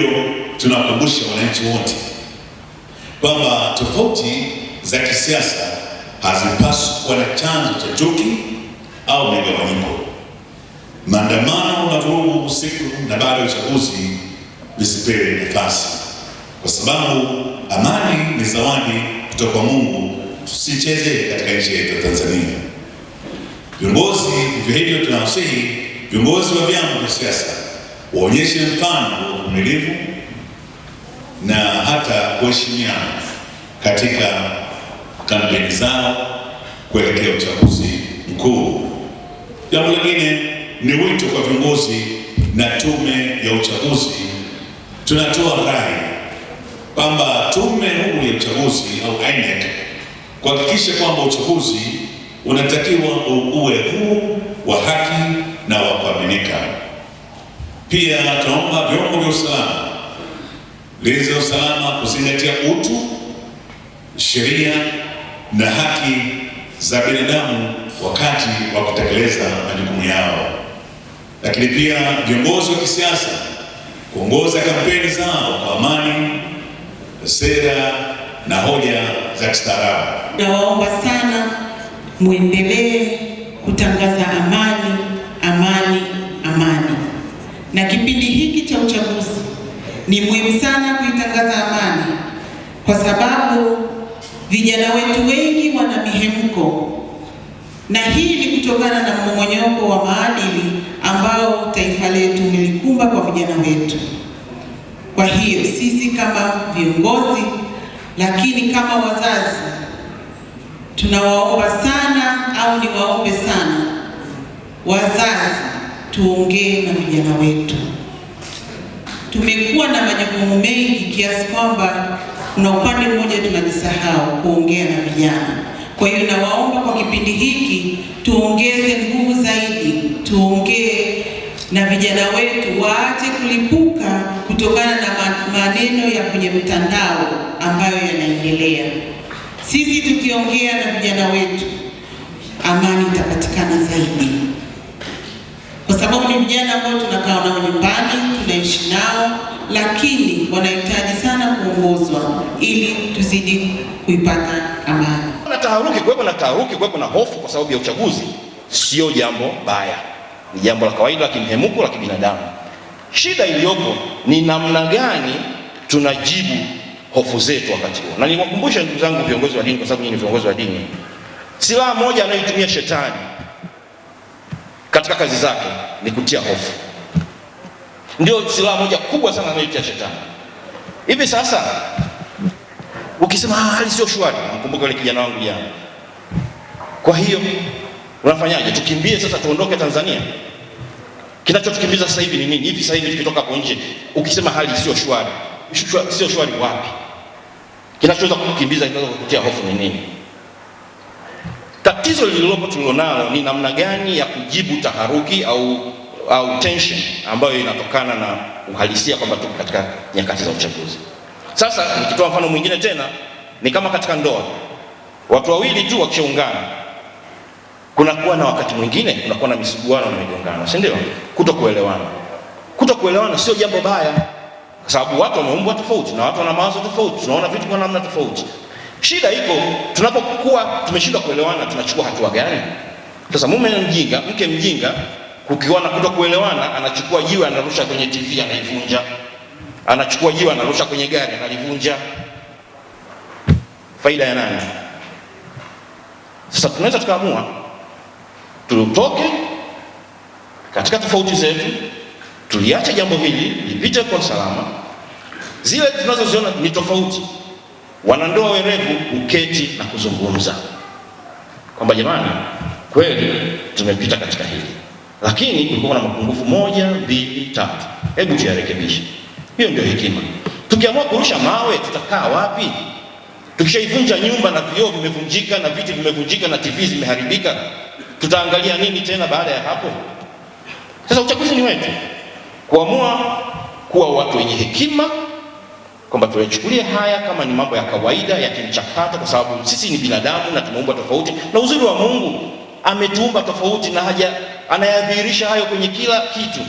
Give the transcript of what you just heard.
Hiyo tunawakumbusha wananchi wote kwamba tofauti za kisiasa hazipaswi kuwa na chanzo cha chuki au migawanyiko. Maandamano na vurugu usiku na baada ya uchaguzi visipewe nafasi, kwa sababu amani ni zawadi kutoka kwa Mungu. Tusicheze katika nchi yetu ya Tanzania. Viongozi, hivyo hivyo, tunawasihi viongozi wa vyama vya siasa waonyeshe mfano wa uvumilivu na hata kuheshimiana katika kampeni zao kuelekea uchaguzi mkuu. Jambo lingine ni wito kwa viongozi na tume ya uchaguzi. Tunatoa rai kwamba tume huru ya uchaguzi au INEC kuhakikisha kwamba uchaguzi unatakiwa uwe huu wa haki na wa kuaminika. Pia tunaomba vyombo vya usalama, ulinzi usalama kuzingatia utu, sheria na haki za binadamu wakati wa kutekeleza majukumu yao, lakini pia viongozi wa kisiasa kuongoza kampeni zao kwa amani, sera na hoja za kistaarabu. Nawaomba sana muendelee kutangaza amani na kipindi hiki cha uchaguzi ni muhimu sana kuitangaza amani, kwa sababu vijana wetu wengi wana mihemko, na hii ni kutokana na mmomonyoko wa maadili ambao taifa letu lilikumba kwa vijana wetu. Kwa hiyo sisi kama viongozi, lakini kama wazazi, tunawaomba sana au niwaombe sana wazazi tuongee na vijana wetu. Tumekuwa na majukumu mengi kiasi kwamba kuna upande mmoja tunajisahau kuongea na vijana. Kwa hiyo nawaomba kwa kipindi hiki tuongeze nguvu zaidi, tuongee na vijana wetu, waache kulipuka kutokana na maneno ya kwenye mtandao ambayo yanaendelea. Sisi tukiongea na vijana wetu, amani itapatikana zaidi sababu ni vijana ambao tunakaa nao nyumbani, tunaishi nao, lakini wanahitaji sana kuongozwa ili tuzidi kuipata amani. Na taharuki, kuwepo na taharuki, kuwepo na hofu kwa sababu ya uchaguzi sio jambo baya, ni jambo la kawaida la kimhemuko la kibinadamu. Shida iliyopo ni namna gani tunajibu hofu zetu wakati huo, na niwakumbusha ndugu zangu, viongozi wa dini, kwa sababu nyinyi ni viongozi wa dini, silaha moja anayoitumia shetani katika kazi zake ni kutia hofu. Ndio silaha moja kubwa sana anayotia shetani. Hivi sasa ukisema ah, hali sio shwari, mkumbuke yule kijana wangu jana. Kwa hiyo unafanyaje? Tukimbie sasa, tuondoke Tanzania? Kinachotukimbiza sasa hivi ni nini? Hivi sasa hivi tukitoka hapo nje, ukisema hali sio shwari, sio shwari wapi? Kinachoweza kukukimbiza, kinaweza kukutia hofu ni nini? tatizo lililopo tulilonalo ni namna gani ya kujibu taharuki au, au tension ambayo inatokana na uhalisia kwamba tuko katika nyakati za uchaguzi. Sasa nikitoa mfano mwingine tena, ni kama katika ndoa, watu wawili tu wakishaungana, kunakuwa na wakati mwingine kunakuwa na misuguano na migongano, si ndio? Kutokuelewana, kutokuelewana sio jambo baya, kwa sababu watu wameumbwa tofauti na watu wana mawazo tofauti, tunaona vitu kwa namna tofauti. Shida iko tunapokuwa tumeshindwa kuelewana, tunachukua hatua gani? Sasa mume mjinga, mke mjinga, kukiwa na kuto kuelewana, anachukua jiwe anarusha kwenye TV anaivunja, anachukua jiwe anarusha kwenye gari analivunja. Faida ya nani? Sasa tunaweza tukaamua tutoke katika tofauti zetu, tuliache jambo hili lipite kwa salama. Zile tunazoziona ni tofauti Wanandoa werevu uketi na kuzungumza kwamba jamani, kweli tumepita katika hili, lakini kulikuwa na mapungufu moja, mbili, tatu, hebu tuyarekebishe. Hiyo ndio hekima. Tukiamua kurusha mawe tutakaa wapi? Tukishaivunja nyumba na vioo vimevunjika na viti vimevunjika na TV zimeharibika, tutaangalia nini tena baada ya hapo? Sasa uchaguzi ni wetu kuamua kuwa watu wenye hekima kwamba tuyachukulie haya kama ni mambo ya kawaida ya kimchakato, kwa sababu sisi ni binadamu na tumeumbwa tofauti, na uzuri wa Mungu ametuumba tofauti na haja, anayadhihirisha hayo kwenye kila kitu.